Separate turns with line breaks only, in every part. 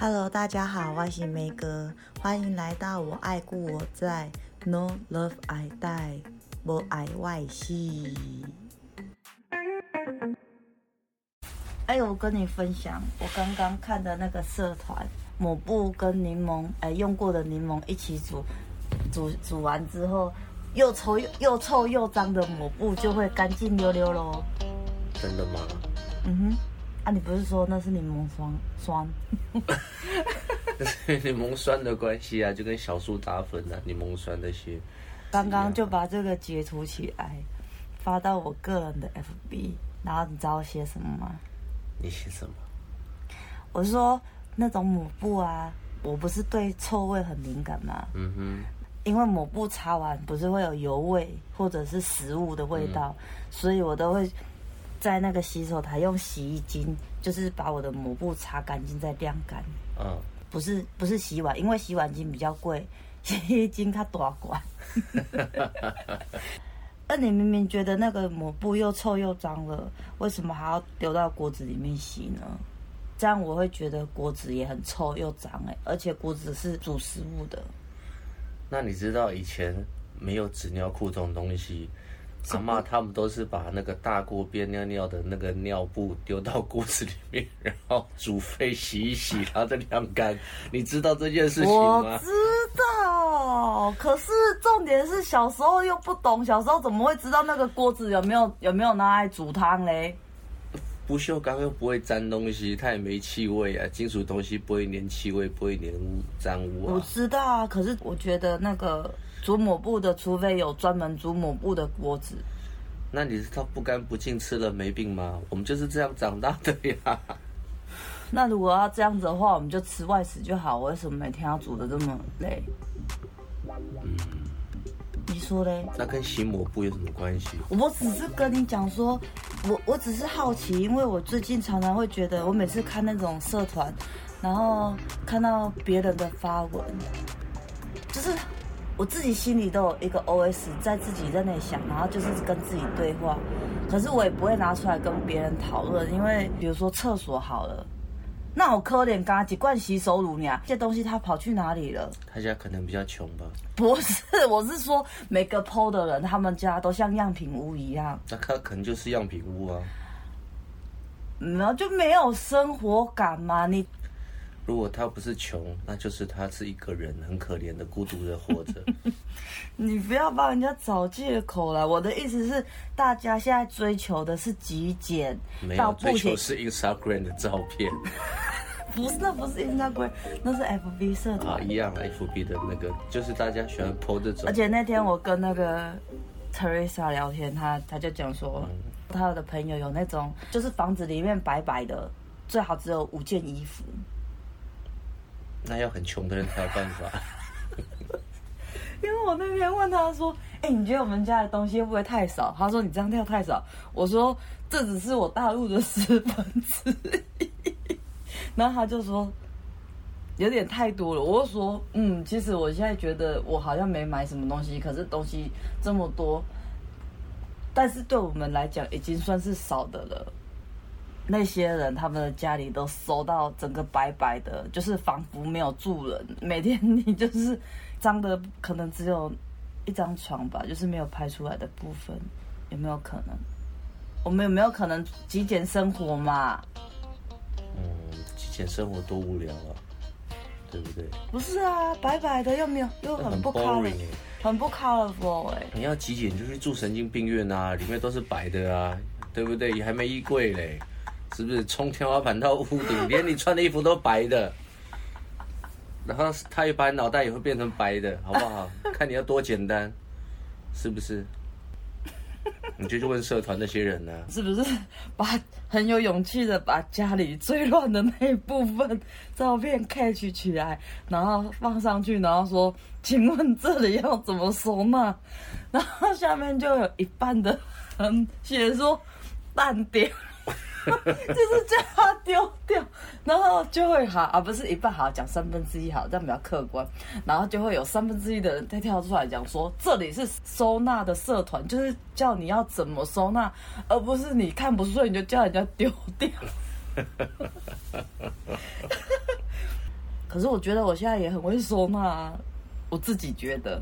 Hello，大家好，我是梅哥，歡迎來到我愛故我在，No Love I Die，沒愛外系。哎，我跟你分享，我剛剛看的那個社團抹布跟檸檬，哎，用過的檸檬一起煮，煮煮完之後。又臭又，又臭又髒的抹布就會乾淨溜溜嘍。真的嗎？嗯哼，啊，你不是說那是檸檬酸酸？
哈哈檸檬酸的關係啊，就跟小蘇打粉啊、檸檬酸那
些。剛剛就把這個截圖起來，發到我個人的 FB，然後你知道我寫什麼嗎？
你寫什麼？
我是說那種抹布啊，我不是對臭味很敏感嗎？嗯哼。因為抹布擦完不是會有油味或者是食物的味道，嗯，所以我都會在那個洗手台用洗衣精，就是把我的抹布擦乾淨再晾乾。嗯、不是不是洗碗，因為洗碗精比較貴，洗衣精它多管。 而你明明覺得那個抹布又臭又髒了，為什麼還要丟到鍋子裡面洗呢？這樣我會覺得鍋子也很臭又髒哎、欸，而且鍋子是煮食物的。
那你知道以前沒有紙尿褲這種東西，阿嬤他們都是把那個大鍋邊尿尿的那個尿布丟到鍋子裡面，然後煮沸洗一洗的，然後再晾乾。你知道這件事情嗎？我知
道，可是重點是小時候又不懂，小時候怎麼會知道那個鍋子有沒有有沒有拿來煮湯嘞？
不鏽鋼又不會粘東西，它也沒氣味啊。金屬東西不會粘氣味，不會粘污髒污。我知
道啊，可是我覺得那個煮抹布的，除非有專門煮抹布的鍋子。
那你是他不乾不淨吃了沒病嗎？我們就是這樣長大的呀。
那如果要這樣子的話，我們就吃外食就好。我為什麼每天要煮得這麼累？嗯說嘞，
那跟新抹布有什麼關
係？我只是跟你講說，我我只是好奇，因為我最近常常會覺得，我每次看那種社團，然後看到別人的發文，就是我自己心裡都有一個 OS，在自己在那裡想，然後就是跟自己對話，可是我也不會拿出來跟別人討論，因為比如說廁所好了。那我磕點咖幾罐洗手乳呀，這東西他跑去哪裡了？
他家可能比較窮吧？
不是，我是說，每個 po 的人，他們家都像樣品屋一樣。
那他可能就是樣品屋啊，然
後就沒有生活感嘛。你
如果他不是窮，那就是他是一個人，很可憐的孤獨的活着。
你不要幫人家找借口啦。我的意思是，大家現在追求的是極簡，沒有到追求是
Instagram 的照片，
不是那不是 Instagram，那是 FB 社團啊，一
樣 FB 的那個，就是大家喜歡 po 這種。而且
那天我跟那個 Teresa 聊天，他他就講說，他、嗯、的朋友有那種，就是房子裡面白白的，最好只有五件衣服。
那要很窮的人才有辦法。
因為我那邊問他說：“哎、欸，你覺得我們家的東西會不會太少？”他說：“你這樣跳太少。”我說：“這只是我大陸的十分之一。”然後他就說：“有點太多了。”我就說：“嗯，其實我現在覺得我好像沒買什麼東西，可是東西這麼多，但是對我們來講已經算是少的了。那些人他們的家裡都收到整個白白的，就是仿佛沒有住人，每天你就是。”髒的可能只有一張床吧，就是沒有拍出來的部分，有沒有可能？我們有沒有可能極簡生活嘛？嗯，
極簡生活多無聊啊，對不對？
不是啊，白白的又沒有，又很不 color, 很、欸、很不 colorful
哎、欸。你要極簡就去住神經病院啊，裡面都是白的啊，對不對？也還沒衣櫃嘞，是不是？從天花板到屋頂，連你穿的衣服都白的。 然後他一般腦袋也會變成白的，好不好？看你要多簡單， 是不是？你就去問社團那些人呢？啊？是
不是？把很有勇氣的把家裡最亂的那一部分照片 catch 起來，然後放上去，然後說：“請問這裡要怎麼收納？”然後下面就有一半的人寫說：“半點。” 就是叫它丟掉，然後就會好啊，不是一半好，講三分之一好，這樣比較客觀。然後就會有三分之一的人在跳出來講說，這裡是收納的社團，就是叫你要怎麼收納，而不是你看不順，你就叫人家丟掉。 可是我覺得我現在也很會收納啊，我自己覺得。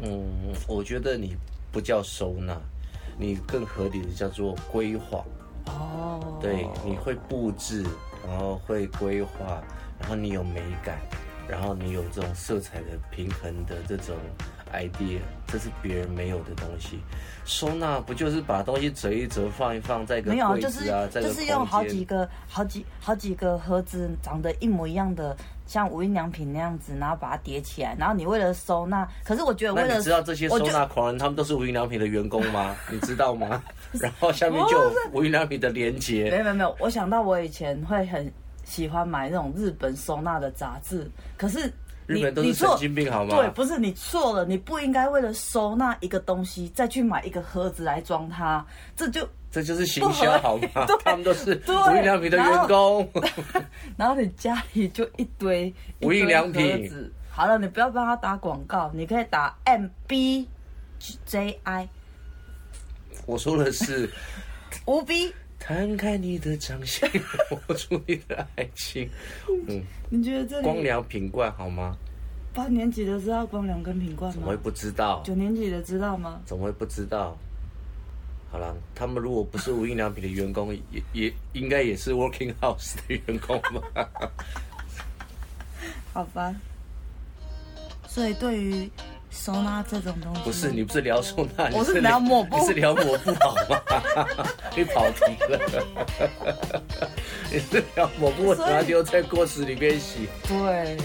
嗯，
我覺得你不叫收納，你更合理的叫做規劃。哦、oh.，對，你會布置，然後會規劃，然後你有美感。然後你有這種色彩的平衡的這種 idea，這是別人沒有的東西。收納不就是把東西折一折放一放在一個櫃子啊？沒有就是就是用好幾
個好幾好幾個盒子長得一模一樣的，像無印良品那樣子，然後把它疊起來。然後你為了收納，可是我覺得為了，你知道這些收
納狂人，他們都是無印良品的員工嗎？ 你知道嗎？ 然後下面就無印良品的連接。沒有
沒有沒有，我想到我以前會很。喜歡買那種日本收納的雜誌，可是你日本都是神經病好嗎？嗯，對，不是你錯了，你不應該為了收納一個東西再去買一個盒子來裝它，這就這就是行銷好嗎？他們都是無印良品的員工，然
後，
然後你家裡就一堆、一堆無印良品盒子。好了，你不要幫他打廣告，你可以打 MBJI。
我說的是
無 B。
看看你的長相，活出你的愛情。嗯 ，
你覺得這光良、
品冠好嗎？
八年級的知道光良跟品冠嗎？怎麼會
不知道？九
年級的知道嗎？
怎麼會不知道？好了，他們如果不是無印良品的員工， 也也應該也是 Working House 的員工吧？
好吧，所以對於。收納這種東西不是你
不是聊收納，我是聊抹布，你是聊抹布好嗎？ 你跑題皮了， 你是聊抹布，然後丟在鍋水裡邊洗。對，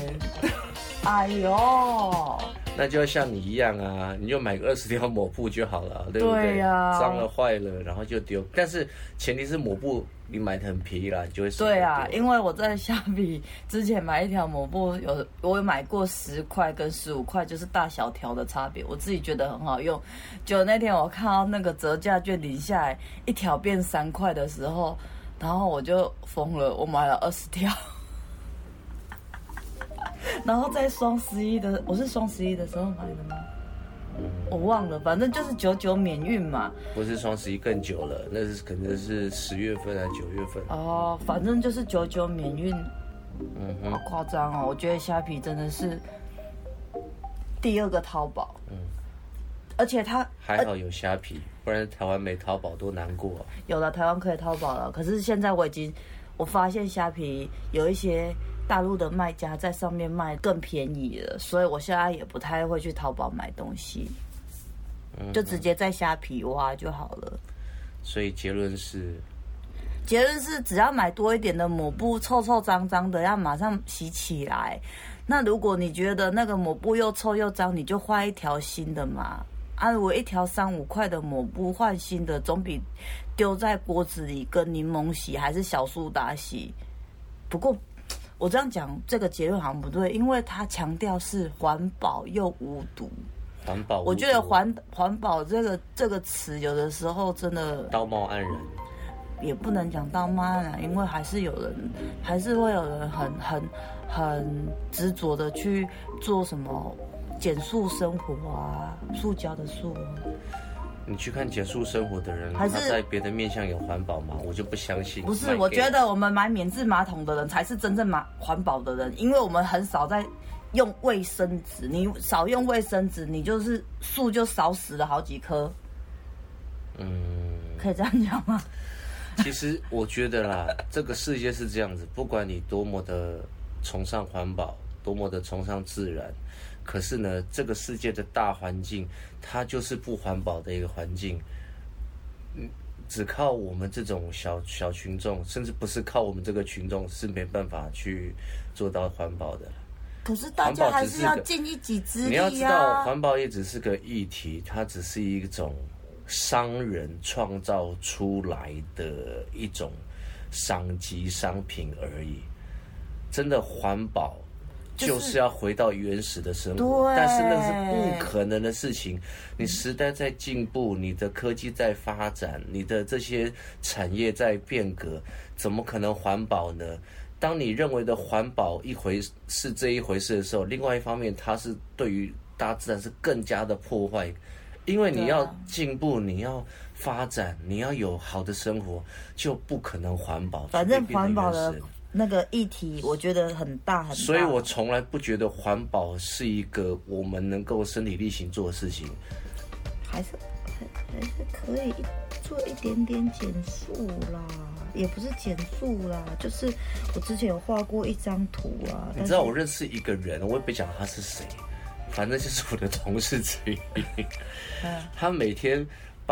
哎呦。那就要像你一樣啊，你就買個二十條抹布就好了，對不對？對啊。髒了壞了，然後就丟。但是前提是抹布你買的很便宜啦，你就會死。對
啊，因為我在蝦皮之前買一條抹布有，我有買過十塊跟十五塊，就是大小條的差別，我自己覺得很好用。就那天我看到那個折價券，領下來，一條變三塊的時候，然後我就瘋了，我買了二十條。 然後在雙十一的，我是雙十一的時候買的嗎？嗯，我忘了，反正就是九九免運嘛。
不是雙十一更久了，那是可能是十月份還是九月份。
哦，反正就是九九免運，
嗯，嗯，好
誇張哦！我覺得蝦皮真的是第二個淘寶。嗯，而且它
還好有蝦皮，不然台灣沒淘寶多難過。
有了台灣可以淘寶了，可是現在我已經我發現蝦皮有一些。大陸的賣家在上面賣更便宜了，所以我現在也不太會去淘寶買東西，
就直接
在蝦皮挖就好了。
所以結論是，
結論是只要買多一點的抹布，臭臭髒髒的要馬上洗起來。那如果你覺得那個抹布又臭又髒，你就換一條新的嘛。啊，如果我一條三五塊的抹布換新的，總比丟在鍋子裡跟檸檬洗還是小蘇打洗。不過。我這樣講，這個結論好像不對，因為他強調是環保又無毒。
環保，我覺得
環環保這個這個詞，有的時候真的
道貌岸然，
也不能講道貌岸然，因為還是有人，還是會有人很很很執着的去做什麼，減塑生活啊，塑膠的塑啊。
你去看極簡生活的人，還是他在別的面向有環保嗎？我就不相信。不是，我覺得
我們買免治馬桶的人，才是真正馬環保的人，因為我們很少在用衛生紙。你少用衛生紙，你就是樹就少死了好幾棵。
嗯，
可以這樣講
嗎？其實我覺得啦， 這個世界是這樣子，不管你多麼的崇尚環保，多麼的崇尚自然。可是呢，這個世界的大環境，它就是不環保的一個環境。嗯，只靠我們這種小小群眾，甚至不是靠我們這個群眾，是沒辦法去做到環保的。可
是大家還是要盡一己之力啊！你要知道，環
保也只是個議題，它只是一種商人創造出來的一種商機商品而已。真的環保。就是要回到原始的生活，但是那是不可能的事情。你時代在進步，嗯，你的科技在發展，你的這些產業在變革，怎麼可能環保呢？當你認為的環保一回是這一回事的時候，另外一方面它是對於大自然是更加的破壞。因為你要進步，啊、你要發展，你要有好的生活，就不可能環保。反正環保的。除非變成原始人。
那個議題我覺得很大很大，所以
我從來不覺得環保是一個我們能夠身體力行做的事情。還
是還是可以做一點點減塑啦，也不是減塑啦，就是我之前有畫過一張圖啊。你知道我
認識一個人，我也不講他是誰，反正就是我的同事之一。啊。他每天。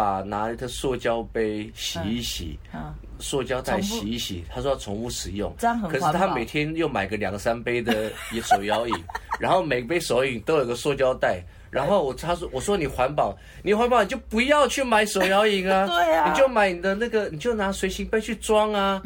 把拿一個塑膠杯洗一洗，
嗯
嗯、塑膠袋洗一洗。他說要重複使用，可是他每天又買個兩三杯的手搖飲， 然後每杯手搖飲都有個塑膠袋。 然後我他說我說，你環保，你環保你就不要去買手搖飲啊， 對啊，你就買你的那個，你就拿隨行杯去裝啊。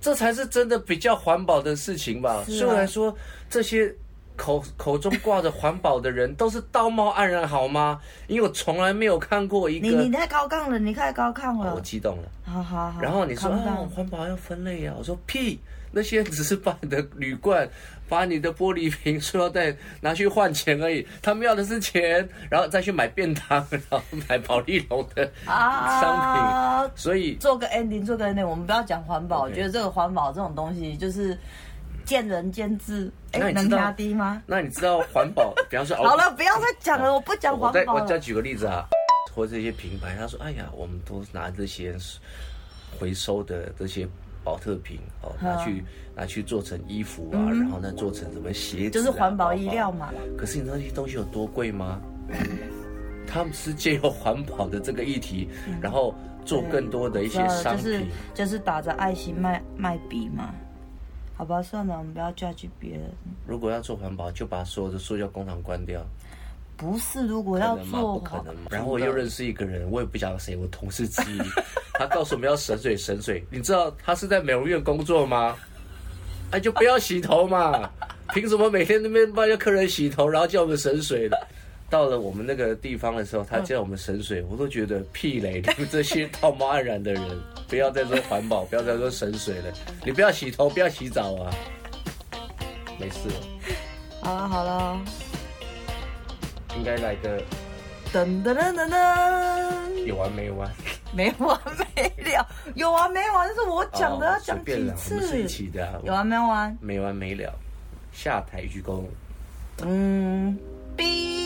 這才是真的比較環保的事情吧。雖 然、啊、說這些。口口中掛着環保的人 都是道貌岸然好嗎？因為我從來沒有看過一個你，你太
高亢了，你太高亢了，哦，我激動了，好好好。然後你說啊，
環、哦、保要分類啊，我說屁，那些只是把你的鋁罐，把你的玻璃瓶塑料袋，拿去換錢而已，他們要的是錢，然後再去買便當，然後買保麗龍的商品。啊、所以
做個 ending 做個 ending，我們不要講環保，okay。我覺得這個環保這種東西就是。見仁見智，
欸、能壓低嗎？那你知道環保？比方說， 好了，
不要再講了，我，我不講環保了。我再我再舉個
例子啊，或者這些品牌，他說：“哎呀，我們都拿這些回收的這些寶特瓶哦，拿去拿去做成衣服啊，嗯、然後呢，做成什麼鞋子、啊，就是環
保衣料嘛寶寶。
可是你知道那些東西有多貴嗎？ 他們是借由環保的這個議題、嗯，然後做更多的一些商品，就是、
就是打着愛心賣賣筆嘛。”好吧，算了，我們不要 judge
別人。如果要做環保，就把所有的塑膠工廠關掉。不是，如
果要做，不可能。
然後我又認識一個人，我也不講誰，我同事之一，他告訴我們要省水，省水。你知道他是在美容院工作嗎？哎，就不要洗頭嘛！憑 什麼每天那邊幫人家客人洗頭，然後叫我們省水的？到了我們那個地方的時候，他叫我們省水，嗯，我都覺得屁嘞！你們這些道貌岸然的人， 不要再做環保，不要再做省水了。你不要洗頭，不要洗澡啊，沒事。
好了好了好，
應該來個。
噔噔噔噔，
有完沒完？
沒完沒了，有完沒完？這是我講的，哦、要講幾
次？一起的，有完沒完？沒完沒了，下台鞠躬。
嗯，畢。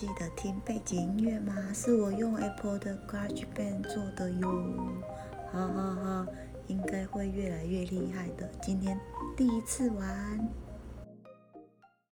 記得聽背景音樂嗎？是我用 Apple 的 GarageBand 做的喲，哈哈哈，應該會越來越厲害的。今天第一次玩。